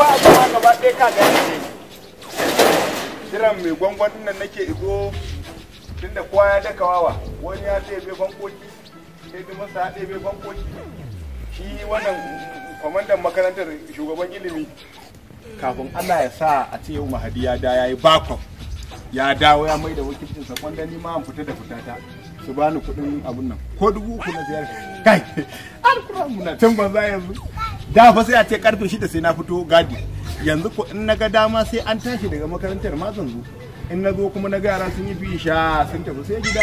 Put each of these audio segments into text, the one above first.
fa a gaba gaba ɗaya ka ga ne kiran mai gwangwan nan nake izo tunda kowa ya daka wawa wani ya ɗebe bankoki masa ya ɗebe bankoki shi wannan kwamandan makarantar shugaban ilimi kafin Allah ya sa a ce yau mahadi ya da ya yi bakon ya dawo ya mai da wakilcin sakon dani ma an fita da fitata su bani kuɗin abun nan ko dubu uku na ziyar kai alkura na can banza yanzu da fa sai a ce karfe shida sai na fito gadi yanzu ko in naga dama sai an tashi daga makarantar ma zo in na zo kuma na yara sun yi biyu sha sun tafi sai gida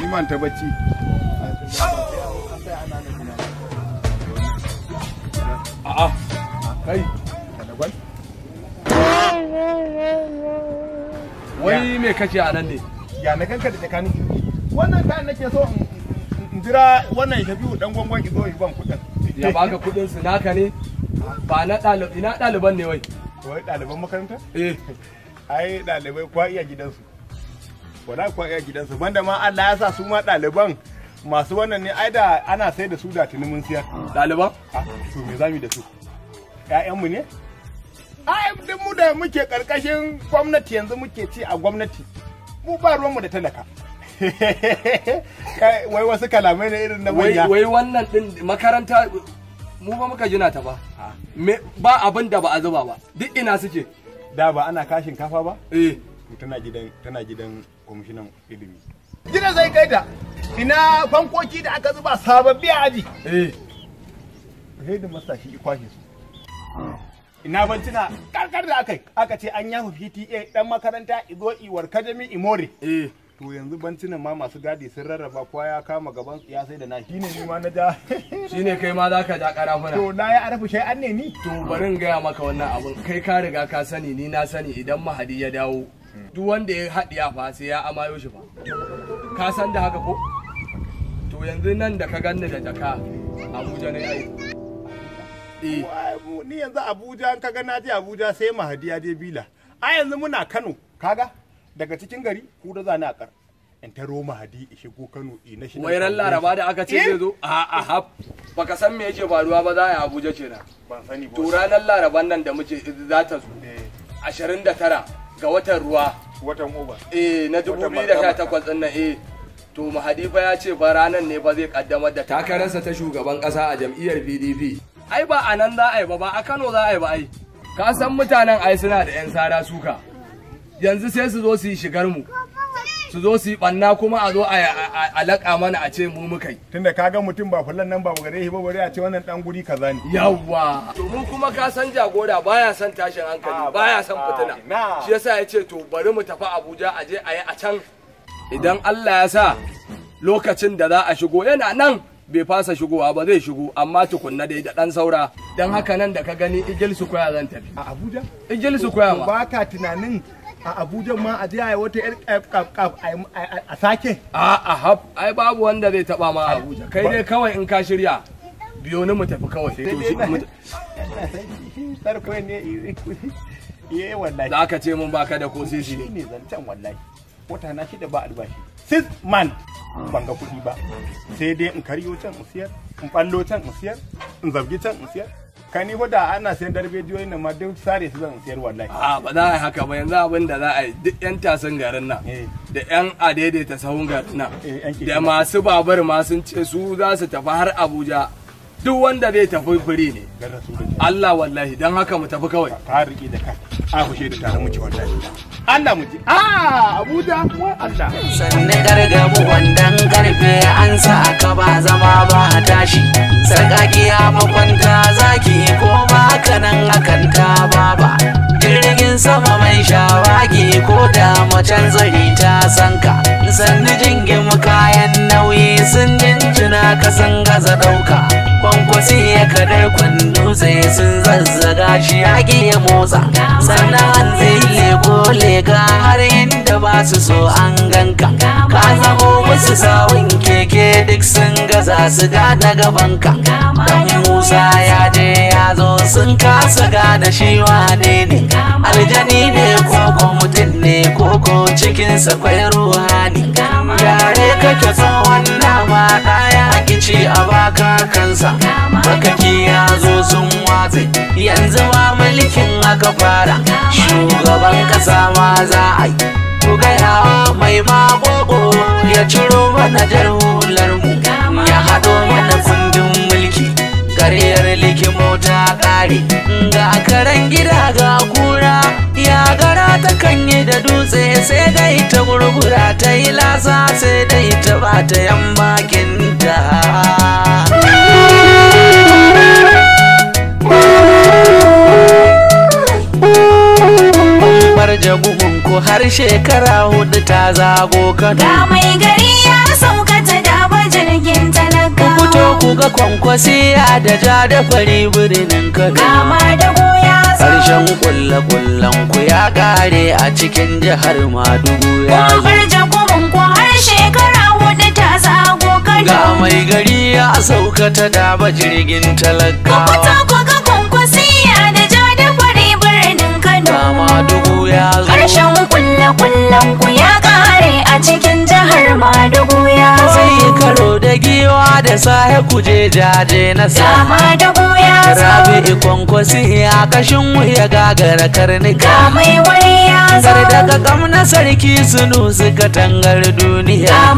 ni man ta bacci a'a kai wai me kace a nan ne ya na kanka da tsakani wannan kayan nake so in jira wannan biyu dan gwangwan ki zo yi ban kudin ya baka kudin su naka ne ba na ɗalibai na ɗaliban ne wai wai ɗaliban makaranta eh ai ɗalibai kwa iya gidansu wala kwa iya gidansu banda ma Allah ya sa su ma ɗaliban masu wannan ne ai da ana sai da su da tuni mun siya. ɗaliban to me zamu da su ƴaƴanmu ne ai duk mu da muke karkashin gwamnati yanzu muke ci a gwamnati mu ba ruwanmu da talaka wai wasu kalamai ne irin na manya wai wannan din makaranta mu ba muka jina ta ba ba abin da ba a zuba ba duk ina suke da ba ana kashin kafa ba eh tana gidan tana gidan kwamishinan ilimi gina zai kai da ina fankoki da aka zuba sababbi a aji eh sai da masa shi kwashe su ina ban tuna karkar da aka yi. aka ce an yafa fiti dan makaranta izo iwar kadami imore eh to yanzu bantunan ma masu gadi sun rarraba kowa ya kama gaban ya sai da na shine ni ma na ja shine kai ma zaka ja karafuna to na ya arafu shai an ne ni to bari in gaya maka wannan abun kai ka riga ka sani ni na sani idan mahadi ya dawo duk wanda ya haɗiya fa sai ya amayo shi fa ka san da haka ko to yanzu nan da ka ganni da jaka abuja ne ai eh. ni yanzu abuja ka ga na je abuja sai mahadi ya je bila a yanzu muna kano kaga daga cikin gari da zane a kar in ta roma hadi in shigo kano i na shida wairan laraba da aka ce zai eh? zo a a Ba baka san me yake faruwa ba za a abuja ce na ban sani ba to ranar laraban nan da muke za ta zo 29 eh. ga watan ruwa watan oba eh na 2018 din nan eh to ba ya ce ba ranar ne ba zai kaddamar da takararsa ta shugaban kasa a jam'iyyar pdp ai ba a nan za a yi ba ba a kano za a yi ba ai ka san mutanen ai suna da yan sara suka yanzu sai su zo su yi shigar mu su zo su yi banna kuma a zo a laƙa mana a ce mu muka yi tunda ka mutum ba fullan nan ba gare shi ba bari a ce wannan dan guri kaza ne yawa to mu kuma ka san jagora baya san tashin hankali ah, baya san fitina shi yasa ya to bari mu tafi Abuja a je a yi a can idan Allah ya sa lokacin da za a shigo yana nan bai fasa shigowa ba zai shigo amma tukunna dai da dan saura dan haka nan da ka gani igil su koya zan tafi a Abuja igil su koya ba ka tunanin a abuja ma a jiya wata yar kaf a sake a a hab ai babu wanda zai taba ma abuja kai dai kawai in ka shirya biyo ni mu tafi kawai sai to shi sarko ne ye eh, eh, eh, wallahi da aka ce mun baka da ko sisi ne zancan wallahi wata na da ba albashi six man ban ga kuɗi ba sai dai in karyo can in siyar in ballo can in siyar in zabgi can in siyar kani fa da ana sayan da rediyoyin nan ma duk sare su zan sayar wallahi a ba za a haka ba yanzu abin da za a yi duk yan tasan garin nan eh. da yan adaidaita sahun garin nan eh, da masu babar ma sun ce su za su tafi har abuja duk wanda zai tafi fure ne Allah wallahi don haka mu tafi kawai ka riƙe da ka a fushe da tare muke wallahi Allah ah, Abuja Allah. Sanni gargabu Wannan karfe an sa aka ba zama ba a tashi. Sarkakiya makwanta zaki ko ba kanan akan ta baba. Jirgin sama mai shawagi ko da macen zari ta sanka. Sanni jingin kayan nauyi sun jinjina kasan gaza ɗauka. Kwankwasi ya kadar kwando sai sun zazzaga shi ya motsa. Sannan zai kole ga har inda ba su so an ganka ka zamo musu sawun keke duk sun gaza su gane gabanka dan musa ya je ya zo sun kasa gane shi wane ne aljani ne ko mutum ne koko cikinsa kwai ruhani yare kake son wannan ma ɗaya kici a baka kansa bakaki ya zo sun watse yanzu ma mulkin aka fara shugaban kasa ma za a yi ku gaya mai magogo ya ciro mana jar hular ya haɗo mana kundin mulki gariyar likimo ta ƙare ga karen gida ga kura ya gara ta kanye da dutse sai dai ta gurgura ta yi lasa sai dai ta bata yan bakin ta ko har shekara hudu ta zago kano ga mai gari ya sauka ta daba jirgin talaka ku fito ku ga ya da ja da fari birnin kano gama da goya harshen kulle kullen ku ya kare a cikin jihar madugu ya zo ku har shekara hudu ta zago kano ga mai gari ya sauka ta daba jirgin talaka ku fito ku ga dama dugu ya zo Karshen kulle kullen ku ya ƙare a cikin jihar madugu ya zo karo da giwa da sahe kuje jaje na sa dugu ya zo rabi kwankwasi ya kashin wuya gagara karnika ga mai wuri ya zo daga kam na sarki sunu suka tangar duniya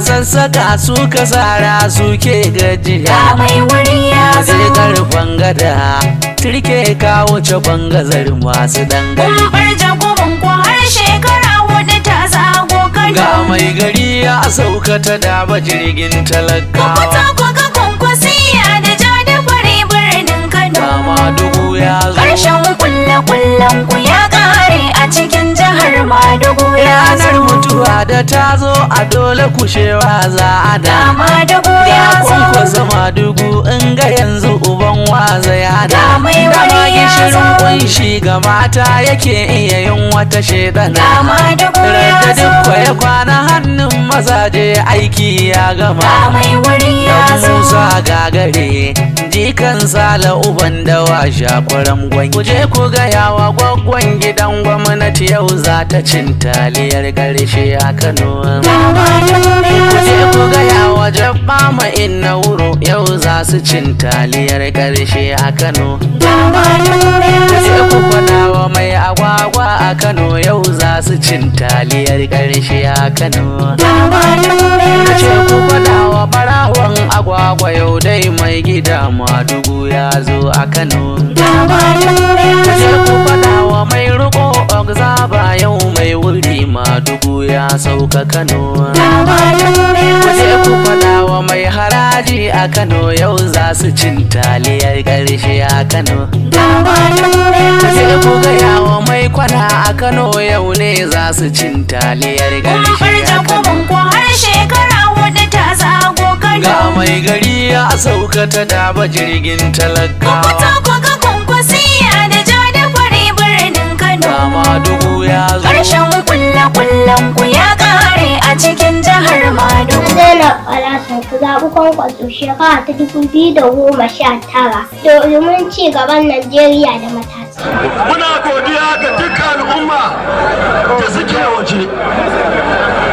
saka su kasara suke gajiya mai wuri ya zai karfan gada turke ka wuce bangazar masu dangane bar jagoban ko har shekara wadda ta zago ga mai gari ya sauka ta daba jirgin talakawa ta kuka kwankwasiya da jada birnin kano dama dubu ya zo Da ku ya kare a cikin jihar Madugu ya zo. mutuwa da ta zo a dole kushewa za a da. Madugu ya zo. Kwankwasa Madugu in ga yanzu uban wa zai hada. Da mai Shirin kunshi ga mata yake iya yin wata shedana Rada duk ya kwana hannun mazaje aiki ya gama Da Musa gagare jikan sala uban dawa shakwaran gwan Kuje ku gaya wa gwaggwan gidan gwamnati yau za ta cin taliyar ƙarshe a Kano zo. ku gaya wa jabba ma na wuro yau za su cin taliyar ƙarshe a Kano Kwanawa mai agwagwa a Kano yau za su cin taliyar ƙarshe a Kano. Kace ku kwanawa barawan agwagwa yau dai mai gida madugu ya zo a Kano. Kace ku kwanawa mai riko ogzaba yau mai wuri madugu ya sauka Kano. daji a Kano yau za su cin taliyar ƙarshe a Kano. ku gaya wa mai kwana a Kano yau ne za su cin taliyar ƙarshe a Kano. har shekara wadda ta zago Kano. Ga mai gari ya sauka ta daba jirgin talakawa. Ku fito ku ga kwankwasiya da ja da fari birnin Kano. Dama dubu ya zo. Ƙarshen kulle-kullen ya ƙare a cikin jihar Madugu. makwala sun ku zaɓi kwankwaso shekara ta dubu biyu da goma sha tara domin ci gaban Najeriya da matasa. Muna godiya ga dukkan al'umma da suke waje.